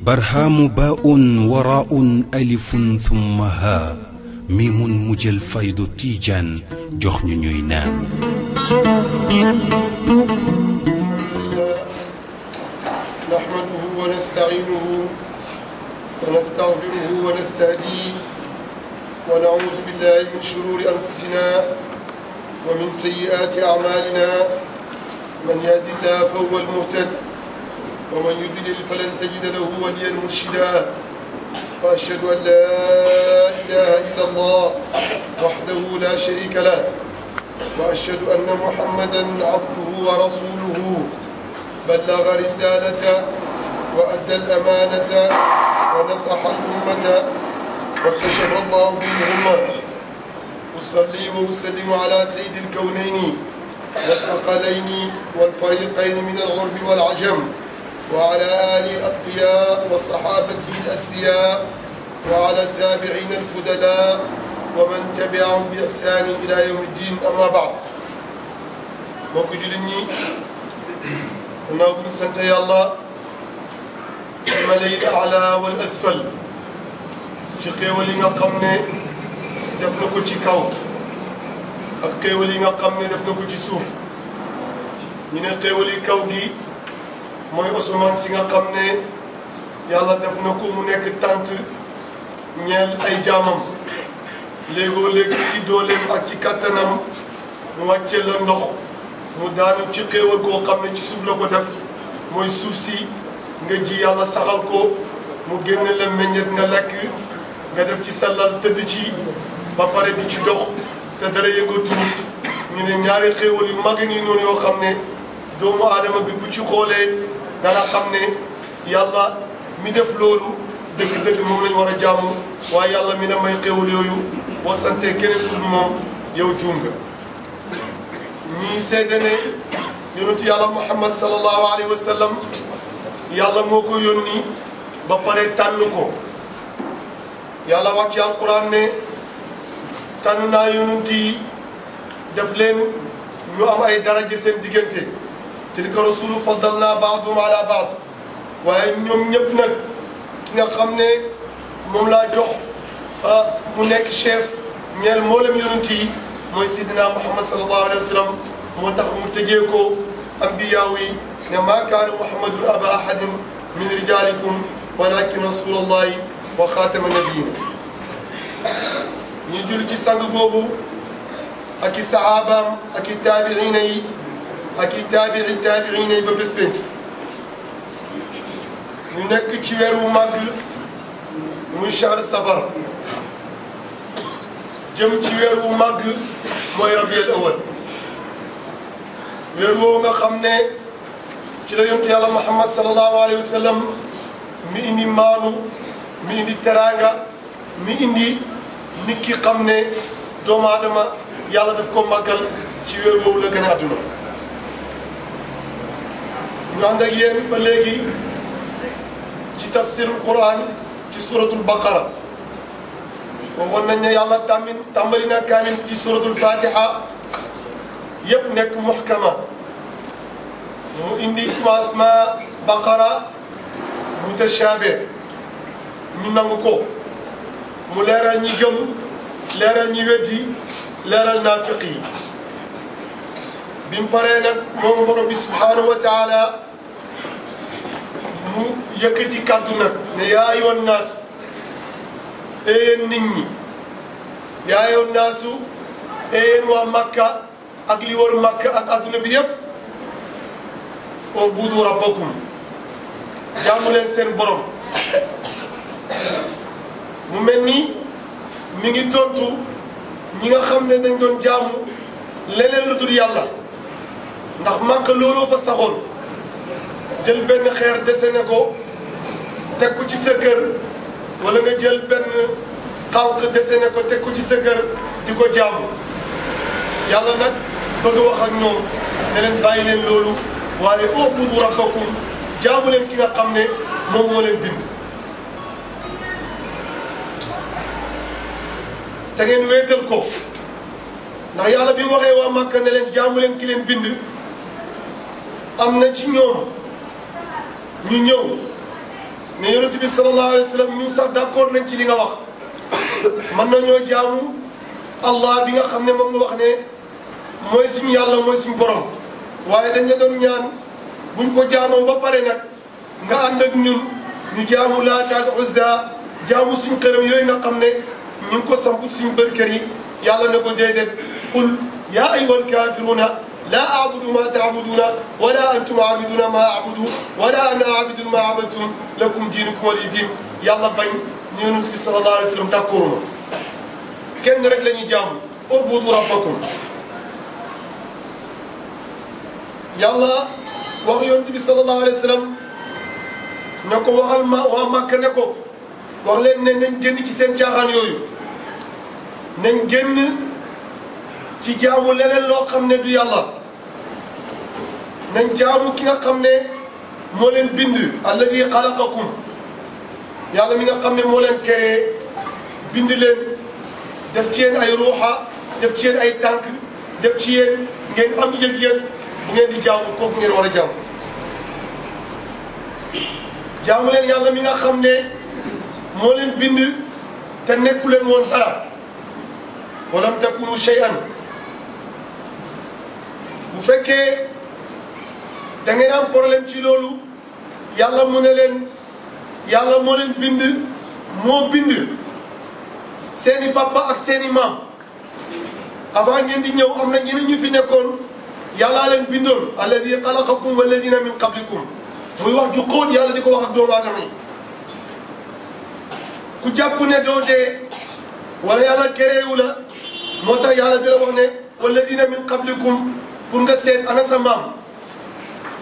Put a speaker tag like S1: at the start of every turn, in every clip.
S1: برهام باء وراء ألف ثم ها ميم مجل فيض تيجان جخن نينان نحمده ونستعينه ونستغفره ونستهديه ونعوذ بالله من شرور أنفسنا ومن سيئات أعمالنا من يهد الله فهو المهتد ومن يضلل فلن تجد له وليا مرشدا وأشهد أن لا إله إلا الله وحده لا شريك له وأشهد أن محمدا عبده ورسوله بلغ رسالته وأدى الأمانة ونصح الأمة وكشف الله به أصلي وأسلم على سيد الكونين والثقلين والفريقين من الغرب والعجم وعلى آله الأتقياء وصحابته الأسرياء وعلى التابعين الفدلاء ومن تبعهم بإحسان إلى يوم الدين أما بعد وكجلني أنا أقول سنتي الله ñu الأعلى والأسفل شقي malay ala def na ko ci kaw ak xéewal yi nga xam ne def na ko ci suuf ñu ne xéewal kaw gi mooy asamaan si nga xam ne yàlla def na ko mu nekk tànt ñeel ay jaamam léegoo léegi ci dooleem ak ci kattanam mu wàcce la ndox mu daanu ci xéewal koo xam ne ci suuf la ko def mooy suuf si nga ji yàlla saxal ko mu génn la meññet nga lekk nga def ci sellal tëdd ci ba pare di ci dox te dara yëngatuwul ñu ne ñaari xéewal yu mag a ngi noonu yoo xam ne doomu aadama bi bu ci xoolee dana xam ne yàlla mi def loolu dëgg-dëgg moom war a jaamu waaye yàlla mi ne may xéewal yooyu boo santee keneen yow juum nga seede ne yonent yàlla mu sallallahu alayhi wa sallam yàlla moo ko yónni ba pare tànn ko yàlla wàcc alquran ne tànn naa yonent yi def leen ñu am ay daraja seen diggante tilka rasulu faddal naa baadum ala baad waaye ñoom ñëpp nag ki nga xam ne moom laa jox mu nekk chef ñeel mboolem yonent yi mooy sidina muhammad sallallahu alayhi wa sallam moo tax mu tëjee ko ambiyaaw yi ne maa kaana muhammadun aba ahadin min rijaalikum walakin rasulallahi wa xaatama nabiyin ñu jul ci sang boobu ak i saxaabaam ak i taabiina yi ak i taabii taabiina yi ba bés penc ñu nekk ci weer wu màgg muy shahr safar jëm ci weer wu màgg mooy rabiul awal weer woowu nga xam ne ci la yontu yàlla muhammad sallallahu alayhi wa sallam mi indi maanu mi indi teraanga mi indi nit ki xam ne doomu aadama yàlla daf ko màggal ci weer woowu la gën a àdduna ñu ànd ak yéen ba léegi ci tafsirul quran ci suratul baqara waxoon nañ ne yàlla tàmmin tàmbali na kaamin ci suratul fatiha yépp nekk muhkama mu indi commencement baqara mutashabe ñu nangu ko mu leeral ñi gëm leeral ñi weddi leeral naafiq yi bi mu paree nag moom borom bi subhaanahu wa taala mu yëkkati kàddu nag ne yaa yoon naasu eyeen nit ñi yaa yoon naasu eyeen waa Makka ak li war Makka ak adduna bi yépp ubudu rabbakum jaamu leen seen borom mu mel nii mi ngi tontu ñi nga xam ne dañ doon jaamu leneen lu dul yàlla ndax Màkka looloo ko saxoon jël benn xeer desene ko teg ko ci sa kër wala nga jël benn xànq desene ko teg ko ci sa kër di ko jaamu yàlla nag bëgg wax ak ñoom ne leen bàyyi leen loolu waaye u'budu rabbakum jaamu leen ki nga xam ne moom moo leen bind te ngeen ko ndax yàlla bi mu waxee waa Màkka ne leen jaamu leen ki bind am na ci ñoom ñu ñëw ne yonent bi sallallahu alayhi wa sallam ñu sax d'accord nañ ci li nga wax mën nañoo jaamu allah bi nga xam ne moom nga wax ne mooy suñu yàlla mooy suñu borom waaye dañ la doon ñaan buñ ko jaamoo ba pare nag nga ànd ak ñun ñu jaamu Laat ak Uzza jaamu suñu xërëm yooyu nga xam ñu ngi ko samp suñu bër kër yi yàlla na ko déedéet qul yaa ayyuhal kaafiruuna laa a'budu ma ta'buduuna wala antum aabiduuna ma a'budu wala ana aabidun ma abadtum lakum diinukum waliya diin yàlla bañ ñu yonent bi sallallahu alayhi wa sallam d'accord ma kenn rek la ñuy jaamu ubudu rabbakum yàlla wax yonent bi sallallahu alayhi wa ne ko waxal ma waa Màkka ne ko wax leen ne nañ génn ci seen caaxaan yooyu nañ génn ci jaamu leneen loo xam ne du yàlla nañ jaamu ki nga xam ne moo leen bind alladi xalaqakum yàlla mi nga xam ne moo leen créé bind leen def ci yéen ay ruuxa def ci yéen ay tànk def ci yéen ngeen am yëg-yëg bu ngeen di jaamu kooku ngeen war a jaamu jaamu leen yàlla mi nga xam ne moo leen bind te nekku leen woon dara walam takulu shay'an bu fekkee da ngeen am problème ci loolu yàlla mu ne leen yàlla moo leen bind moo bind seeni papa ak seeni maam avant ñeen di ñëw am na ñeneen ñu fi nekkoon yàllaa leen bindoon alladi xalaqakum walladina min qablikum muy wax ju xóot yàlla di ko wax ak doomu aadama ku jàpp ne doo dee wala yàlla kereewu la moo tax yàlla di la wax ne walladina min qablikum pour nga seet ana sa maam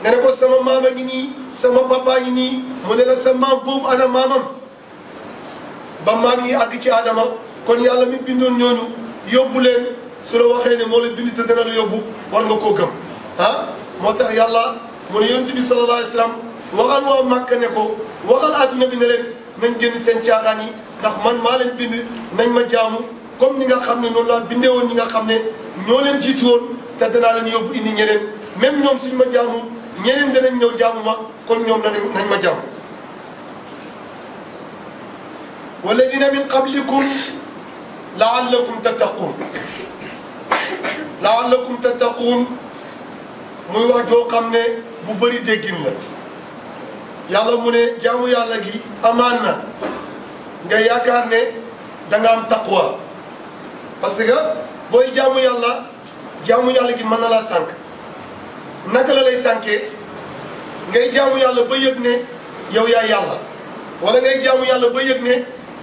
S1: nga ne ko sama maam a ngi nii sama papa ngi nii mu ne la sa maam boobu ana maamam ba maam yi àgg ci Adama kon yàlla mi bindoon ñooñu yóbbu leen su la moo la bind te dana la yóbbu war nga koo gëm ah moo tax yàlla mu ne yonent bi sallallahu alayhi wa waxal waa Màkka ne ko waxal àdduna bi ne leen nañ génn seen caaxaan yi ndax man maa leen bind nañ ma jaamu. comme ni nga xam ne noonu laa bindee woon ñi nga xam ne ñoo leen jiitu woon te danaa leen yóbbu indi ñeneen même ñoom suñ ma jaamu ñeneen danañ ñëw jaamu ma kon ñoom danañ nañ ma jaamu walladina min qablikum laallakum tattaquun laallakum tattaquun muy wax joo xam ne bu bëri déggin la yàlla mu ne jaamu yàlla gi amaan na nga yaakaar ne da nga am taqwa parce que booy jaamu yàlla jaamu yàlla gi mën na laa sànq naka la lay sànkee ngay jaamu yàlla ba yëg ne yow yaa yàlla wala ngay jaamu yàlla ba yëg ne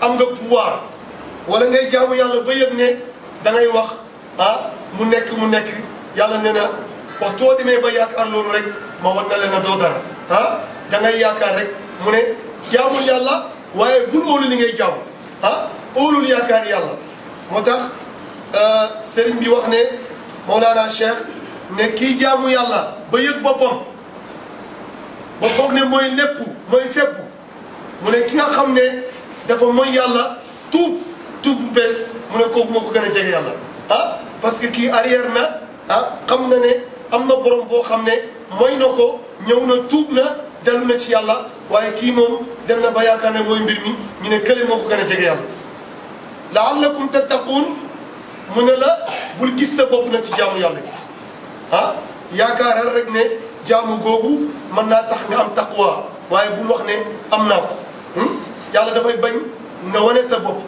S1: am nga pouvoir wala ngay jaamu yàlla ba wax ah, mu nekk mu nekk yàlla nee waxtu woo demee ba yaakaar loolu rek ma war na leen a doo dara ah yaakaar rek mu ne jaamul yàlla waaye bul óolu li ngay jaamu ah óolul yaakaar yàlla moo tax Euh, sëriñ bi wax ne Mawlana Cheikh ne kii jaamu yàlla ba yëg boppam ba foog ne mooy lépp mooy fépp mu ne ki nga xam ne dafa mooy yàlla tuub tuub bu bees mu ne kooku moo ko gën a jege yàlla ah parce que kii arrière na ah xam na ne am na borom boo xam ne mooy na ko ñëw na tuub na dellu na ci yàlla waaye kii moom dem na ba yaakaar ne mooy mbir mi ñu ne kële moo ko gën a jege yàlla laallakum tattaquun mu ne la bul gis sa bopp nag ci jaamu yàlla gi yaakaar ah yaakaaral rek ne jaamu googu mën naa tax nga am taqwa waaye bul wax ne am naa ko hmm? yàlla dafay bañ nga wane sa bopp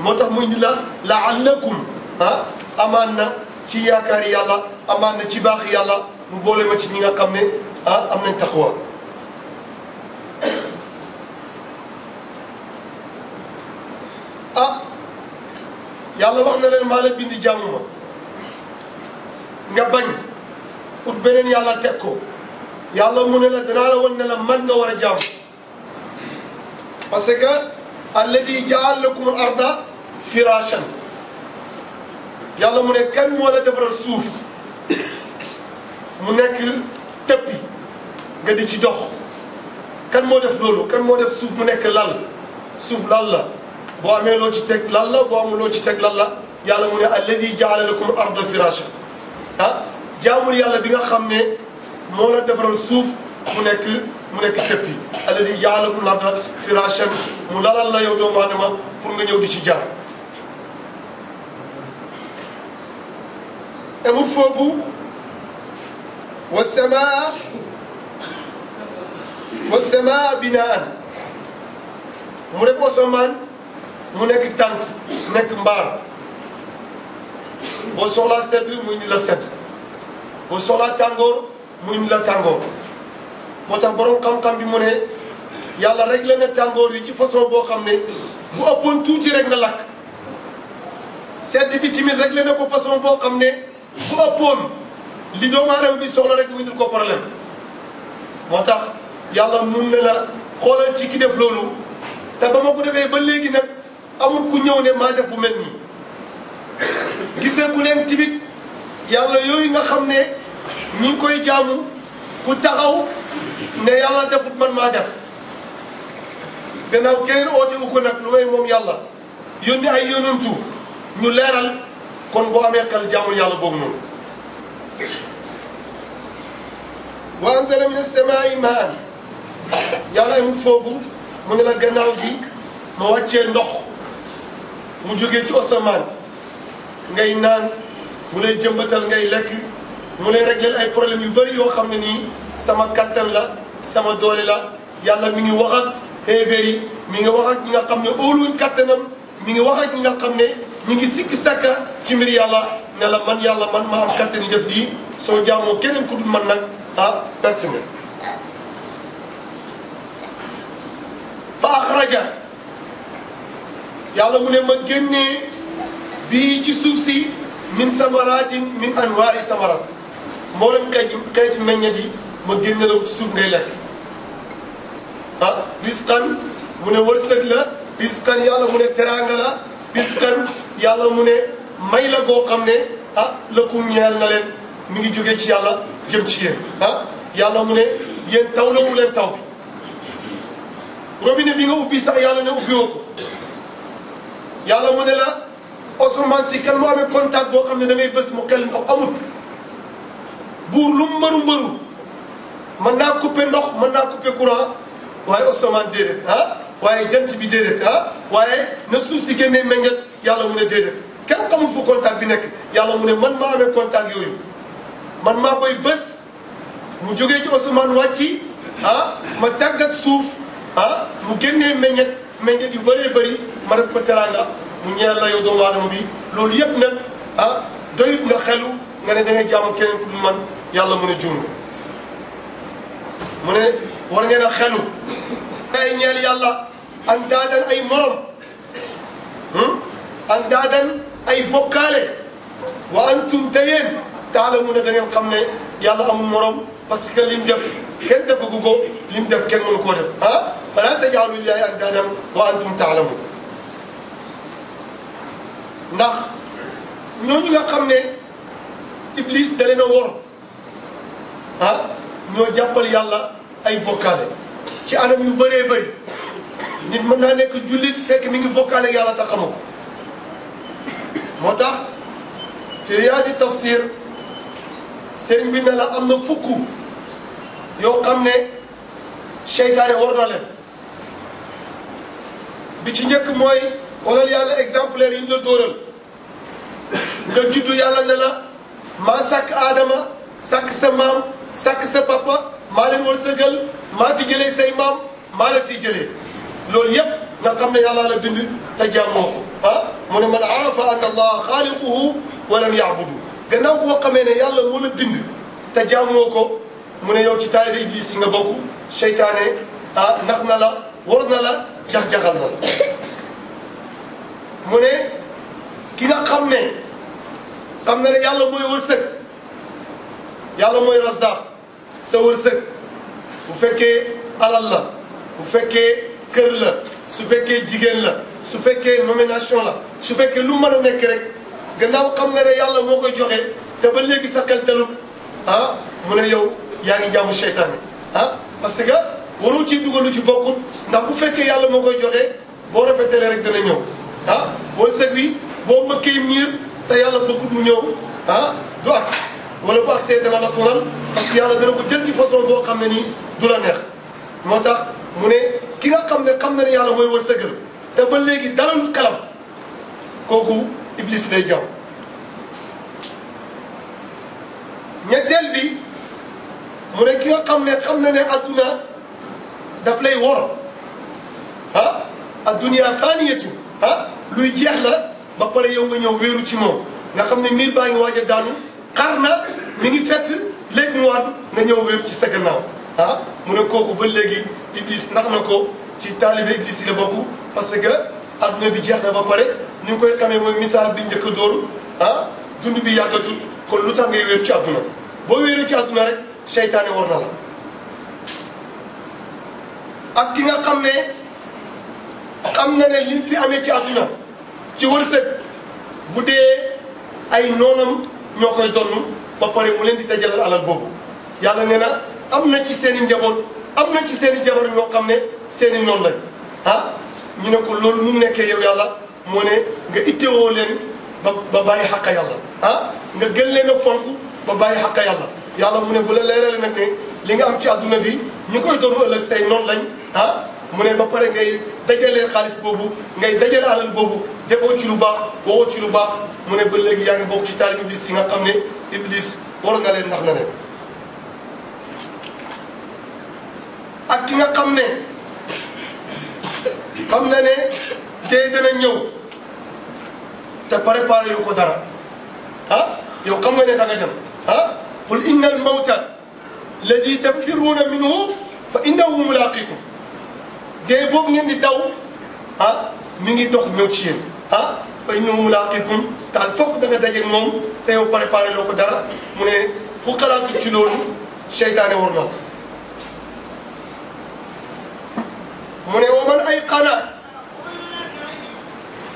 S1: moo tax mu ni la laallakum ah amaan na ci yaakaari yàlla amaan na ci baax yàlla mu boole ma ci ñi nga xam ne ah am nañ taqwa ah yàlla wax na leen maa la bindi jaamu ma nga bañ ut beneen yàlla teg ko yàlla mu ne la danaa la wan ne man nga war a jaamu parce que alladi jaal lakum al arda firashan yàlla mu ne kan moo la defaral suuf mu nekk tëppi nga di ci dox kan moo def loolu kan moo def suuf mu nekk lal suuf lal la boo amee loo ci teg lan la boo amul loo ci teg lan la yàlla mu ne alladi jaala lakum arda firasha ah jaamul yàlla bi nga xam ne moo la defaral suuf mu nekk mu nekk tëpp yi alladi mu lalal la yow doomu aadama pour nga ñëw di ci jaar amul foofu wa samaa wa samaa binaan mu def asamaan mu nekk tant nekk mbaar boo soxlaa sedd muy ni la sedd boo soxlaa tàngoor mu ni la tàngoor moo tax borom xam-xam bi mu ne yàlla rek la ne tàngoor yi ci façon boo xam ne bu ëppoon tuuti rek nga lakk sedd bi timit rek la ne ko façon boo xam ne bu ëppoon li doomu aadama soxla rek mu indil ko problème moo tax yàlla mun na la xoolal ci ki def loolu te ba ma ko defee ba léegi nag. amul ku ñëw ne maa def bu mel nii gisee ku leen timit yàlla yooyu nga xam ne ñi koy jaamu ku taxaw ne yàlla defut man maa def gannaaw keneen oote wu ko nag lu may moom yàlla yónni ay yónantu ñu leeral kon boo amee xel jaamul yàlla boobu noonu wa anzala min as-samaa'i maa'an yàlla amul foofu mu ne la gannaaw gi ma wàccee ndox mu jógee ci asamaan ngay naan mu lay jëmbatal ngay lekk mu lay régler ay problèmes yu bëri yoo xam ne nii sama kattan la sama doole la yàlla mu ngi wax ak xeefeer yi mi ngi wax ñi nga xam ne óoluñ kattanam mi ngi wax ak ñi nga xam ne ngi sikki sakka ci mbir yàlla ne la man yàlla man ma am kattan yi di soo jaamoo keneen ku dul man nag ah perte nga yàlla mu ne ma génnee bii ci suuf si min samaratin min anwaari samarat mboolem kayti kayti meññet yi ma génne la ci suuf ngay lekk ah mu ne wërsëg la risqan yàlla mu ne teraanga la risqan yàlla mu ne may la goo xam ne ah lakum ñeel na leen mi ngi jóge ci yàlla jëm ci yéen ah yàlla mu ne yéen taw la mu leen taw bi robinet bi nga ubbi sax yàlla ne ubbiwoo ko yàlla mu ne la Ousmane si kenn moo amee contact boo xam ne da bés mu xel ndox amut buur lu mu mënu mënu mën naa couper ndox mën naa couper courant waaye Ousmane déedéet ah waaye jant bi déedéet ah waaye ne suuf si génnee meññet yàlla mu ne déedéet kenn xamul fu contact bi nekk yàlla mu ne man maa amee contact yooyu man maa koy bés mu jógee ci Ousmane wàcci ah ma tàggat suuf ah, mu génnee meññet. meññeet yu bëree bari ma def ko teraanga mu ñeel la yow doomu aadama bi loolu yëpp nag ah doyut nga xelu nga ne da ngay jaamu keneen ku dul man yàlla mu ne juum mu ne war ngeen a xelu ay yàlla an daadan ay morom hmm? an daadan ay bokkaale wa antum te yéen taala mu ne da ngeen xam ne yàlla amul morom parce que lim def kenn defagu ko lim def kenn mënu koo def ah fala tajaalu lillaahi andaadan wa antum taalamun ndax ñooñu nga xam ne iblis da na a wor ah ñoo jàppal yàlla ay bokkaale ci anam yu bëree bëri nit mën naa nekk jullit fekk mi ngi bokkaale yàlla te xamu moo tax fi riyaadi tafsir sëriñ bi ne la am na fukk yoo xam ne seytaane war na leen bi ci njëkk mooy xoolal yàlla exemplaire yi ñu la dóoral nga juddu yàlla ne maa sàkk aadama sàkk sa maam sàkk sa papa maa leen wërsëgal maa fi jëlee say maam maa la fi jëlee loolu yépp nga xam ne yàlla la bind te jaamoo ah, ko mu ne man wa lam yaabudu ne yàlla moo bind te jaamoo ko mu ci taalibe iblis yi nga bokk seytaane ah, nax na war na jax-jaxal na mu ne ki nga xam ne xam nga ne yàlla mooy wërsëg yàlla mooy razaq sa wërsëg bu fekkee alal la bu fekkee kër la su fekkee jigéen la su fekkee nomination la su fekkee lu mën a nekk rek gannaaw xam nga ne yàlla moo koy joxe te ba léegi sa xel dalul ah mu yow yaa ngi jaamu seytaane ah parce que waru ci dugal ci bokkut ndax bu fekkee yàlla moo koy joxe boo rafetee rek dana ñëw ah wërsëg boo mëkkee miir te yàlla bëggut mu ñëw ah du agsi wala bu agsee dana la sonal parce que yàlla dana ko jël ci façon boo xam ne nii du la neex moo tax mu ne ki nga xam ne xam na ne yàlla mooy wërsëgal te ba léegi dalal kalam kooku iblis lay jaw ñetteel bi mu ne ki nga xam ne xam na ne adduna daf lay wor a adduniyaa faaniyatu ah luy jeex la ba pare yow nga ñëw wéeru ci moom nga xam ne miir baa ngi waaj daanu xar na mi ngi fett léegi mu waat nga ñëw wéeru ci sa mu ne kooku ba léegi Iblis nax na ko ci taalibe Iblis yi la bokk parce que adduna bi jeex na ba pare ñu ngi koy xamee mooy misaal bi njëkk a dóor ah dund bi yàggatul kon lu tax ngay wéeru ci adduna boo wéeru ci adduna rek seytaane war na la ak ki nga xam ne am na ne lim fi amee ci àdduna ci wërsëg bu dee ay noonam ñoo koy donn ba pare mu leen di dajalal alal boobu yàlla nee na am na ci seen i njaboot am na ci seeni i jabar ñoo xam ne seeni i noon lañ ah ñu ne ko loolu mu nekkee yow yàlla moo ne nga ittewoo leen ba ba bàyyi xàq yàlla nga gën leen a fonk ba bàyyi xàq yàlla yàlla mu ne bu la leerale nag ne li nga am ci àdduna bi ñi koy doon ëllëg say noonu lañ ah mu ne ba pare ngay dajalee xaalis boobu ngay dajale alal boobu defoo ci lu baax waxoo ci lu baax mu ne ba léegi yaa ngi bokk ci taalib iblis yi nga xam ne iblis war nga leen ndax na leen ak ki nga xam ne xam na ne tey dana ñëw te préparé yu ko dara ah yow xam nga ne da dem ah qul inna mow mawta alladi tafirruuna minhu fa innahu mulaaqikum dee boobu ngeen di daw ah mi ngi dox ñëw ci yéen ah fa innahu mulaaqikum daal fokk da nga dajeeg moom te yow préparé loo ko dara mu ne ku xalaatu ci loolu seytaane war na ko mu ne wa ay xanaa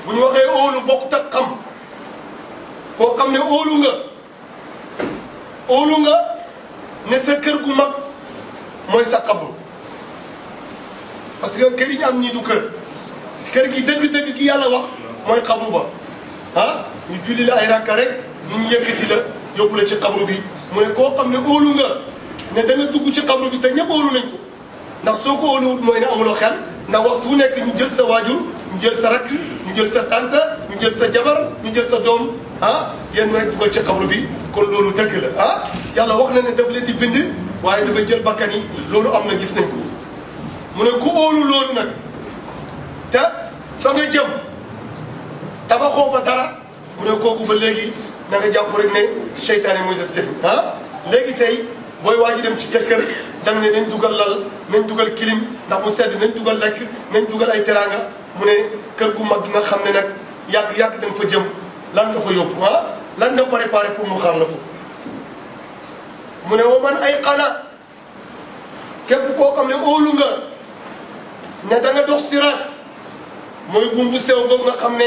S1: bu ñu waxee óolu bokkut ak xam koo xam ne óolu nga. ne sa kër gu mag mooy sa xabru parce que kër yi am ñii du kër kër gi dëgg-dëgg gi yàlla wax mooy xabru ba ah ñu julli la ay rakka rek ñu yëkkati la yóbbu la ci xabru bi mu ne koo xam ne óolu nga ne danga dugg ci xabru bi te ñëpp óolu nañ ko ndax soo ko óoluwut mooy ne amuloo xel ndax waxtu nekk ñu jël sa waajur ñu jël sa rakk ñu jël sa tante ñu jël sa jabar ñu jël sa doom ah yéen rek dugal ci xabru bi kon loolu dëgg la ah yàlla wax na ne daf leen di bind waaye dafa jël bakkan yi loolu am na gis nañ ko mu ne ku óolu loolu nag te fa nga jëm dafa xoofa dara mu ne kooku ba léegi na nga jàpp ne seytaane mooy sa sëriñ ah, léegi tey booy waa ji dem ci sa kër dang ne nañ dugal lal nañ dugal kilim ndax mu sedd nañ dugal lekk nañ dugal ay teraanga mu ne kër gu mag nga xam ne nag yàgg yàgg dañ fa jëm lan nga fa yóbbu ah lan nga préparé pour mu xaar la foofu mu ne woo man ay xana képp koo xam ne óolu nga ne danga nga dox siraat mooy bumbu sew boobu nga xam ne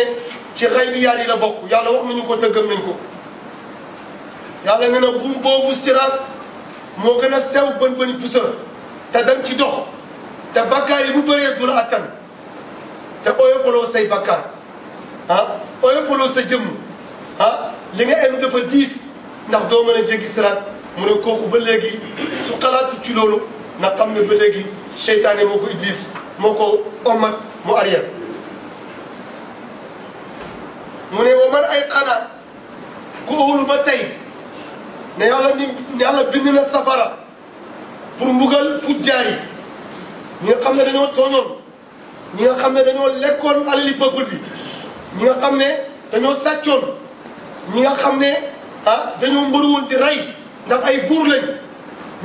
S1: ci xay bi yàlla la bokk yàlla wax nañu ko tëggam nañ ko yàlla nee na bum boobu siraat moo gën a sew bën bëni pusa te danga ci dox te bakkaar yi bu bëree du la attan te oyofaloo say bakkaar ah oyofaloo sa jëmm ah li nga enu dafa diis ndax doo mën a jéggi mu ne kooku ba léegi su xalaatu ci loolu na xam ne ba léegi seytaane moo ko iblis moo ko omat mu arrière mu ne wa ay xanaa ku óolu ma tey ne yàlla ni yàlla bind na safara pour mbugal fujjaar yi ñi nga xam ne dañoo tooñoon ñi nga xam ne dañoo lekkoon alali peuple bi ñi nga xam ne dañoo sàccoon ñi nga xam ne ah dañoo mbëru woon di rey ndax ay buur lañ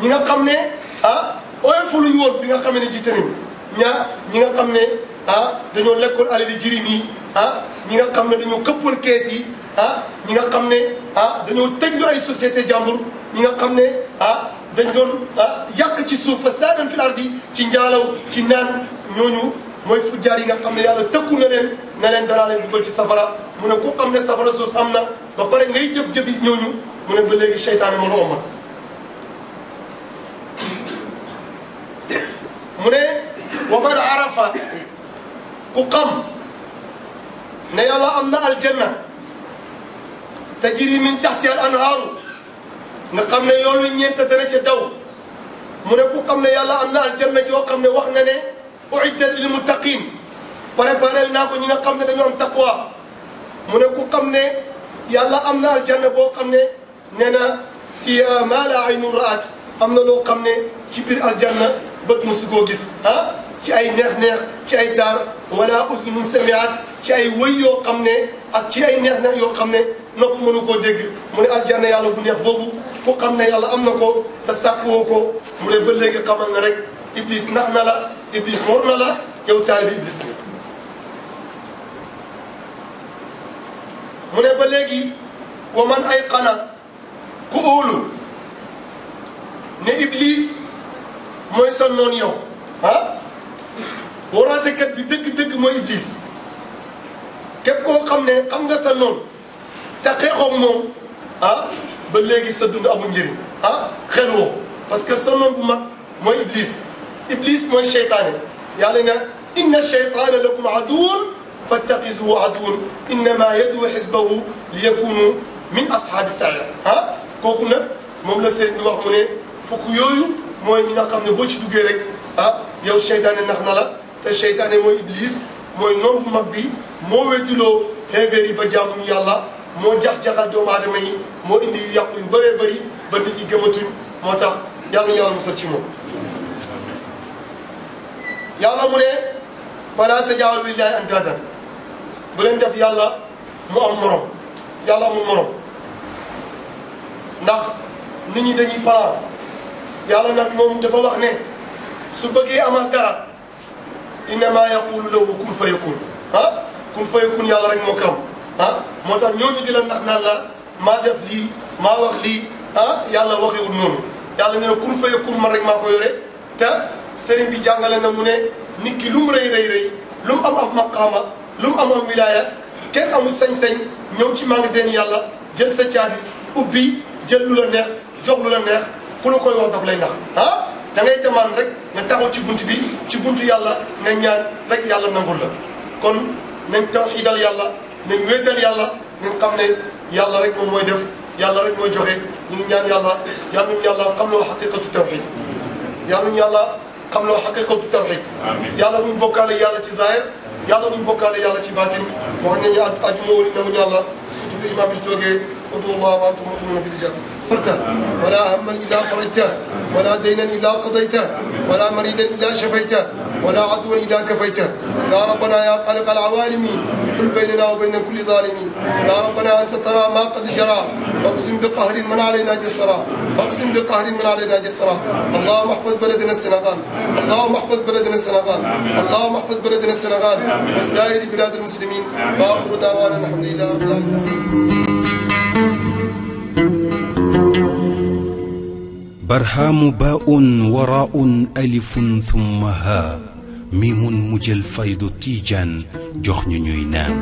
S1: ñi nga xam ne ah oyofuluñu woon bi nga xam ne jiite nañ ñaa ñi nga xam ne ah dañoo lekkoon alali jirim yi ah ñi nga xam ne dañoo këppoon kees yi ah ñi nga xam ne ah dañoo tëjlu ay société jàmbur ñi nga xam ne ah dañ joon ah yàq ci suuf fa saadan fil ardi ci njaalaw ci naan ñooñu mooy jaar yi nga xam ne yàlla tëkku na leen ne leen danaa leen dugal ci safara mu ne ku xam ne safara suus am na ba pare ngay jëf-jëf yi ñooñu mu ne ba léegi seytaane moo la mu ne wa man arafa ku xam ne yàlla am na aljanna tajri min taxti al anhaaru nga xam ne yoolu ñeent dana ca daw mu ne ku xam ne yàlla am na aljanna joo xam ne wax nga ne uiddat lil muttaqin préparé naa ko ñi nga xam ne dañoo am taqwa mu ne ku xam ne yàlla am na aljanna boo xam ne nee na fiya ah, maa laa aynun ra'at am na loo xam ne ci biir aljanna bët mësu koo gis ah, ci ay neex-neex ci ay taar wala uzunun samiat ci ay wëy yoo xam ne ak ci ay neex-neex yoo xam ne na nopp mënu koo dégg mu ne aljanna yàlla bu neex boobu ku xam ne yàlla am na ko te sàkkuwoo ko mu ne ba léegi xamal na rek iblis nax na la iblis war na la yow taalibi iblis ni mu ne ba léegi wa man ay qana ku óolu ne Iblis mooy sa noon yow ah waraatekat bi dëgg-dëgg mooy Iblis képp koo xam ne xam nga sa noon te xeexoog moom ah ba léegi sa dund amul njëriñ ah xel woo parce que sa noon bu mag mooy Iblis Iblis mooy seytaane yàlla na inna seytaana lakum aduwwun fattaxizuhu aduwwan innamaa yad'uu xisbahu liyakuunuu min ashaabi sa'iir ah kooku nag moom la sëriñ bi wax mu ne fukk yooyu mooy ñi nga xam ne boo ci duggee rek ah yow seytaane nax na la te seytaane mooy iblis mooy noon bu mag bi moo weddiloo xeebeer yi ba jaamuñu yàlla moo jax-jaxal doomu aadama yi indi yu yàqu yu bëree bëri ba nit ñi gëmatuñ moo tax yàlla yàlla musal ci moom yàlla mu fala tajaalu lillahi andaadan bu leen def yàlla mu am morom yàlla amul morom ndax nit ñi dañuy plan yàlla nag moom dafa wax ne su bëggee amal dara innama yaqulu lahu kun fa yakun ah kun fa yakun yàlla rek moo kam ah moo tax ñooñu di la ndax naan la maa def lii maa wax lii ah yàlla waxewul noonu yàlla ne ne fa yakun man rek maa ko yore te sëriñ bi jàngale na mu ne nit ki lu mu rëy am am maqaama lu mu am am wilaaya kenn amul sañ señ ñëw ci magasin yàlla jël sa caabi ubbi jël lu la neex jox lu la neex ku la koy wax daf lay ndax ah da ngay demande rek nga taxaw ci bunt bi ci buntu yàlla nga ñaan rek yàlla nangul la kon nañ tawxiidal yàlla nañ wéetal yàlla nañ xam ne yàlla rek moom mooy def yàlla rek mooy joxe ñu ngi ñaan yàlla yàlla nañu yàlla xam loo xaqiqatu tawxiid yàlla nañu yàlla xam loo xaqiqatu tawxiid yàlla buñ bokkaale yàlla ci zahir yàlla buñ bokkaale yàlla ci baatin wax nañu àjjuma wala nañu yàlla surtout fi imam bi toogee اتقوا الله وانتم مؤمنون بالجنه فرته ولا هما الا فرجته ولا دينا الا قضيته ولا مريدا الا شفيته ولا عدوا الا كفيته يا ربنا يا خالق العوالم كل بيننا وبين كل ظالم يا ربنا انت ترى ما قد جرى فاقسم بقهر من علينا جسرا فاقسم بقهر من علينا جسرا اللهم احفظ بلدنا السنغال اللهم احفظ بلدنا السنغال اللهم احفظ بلدنا السنغال وسائر بلاد المسلمين واخر دعوانا الحمد لله رب العالمين barhaamu baun waraun alifun thumma ha mi mun mu jël faydu tiijaan jox ñu ñuy naan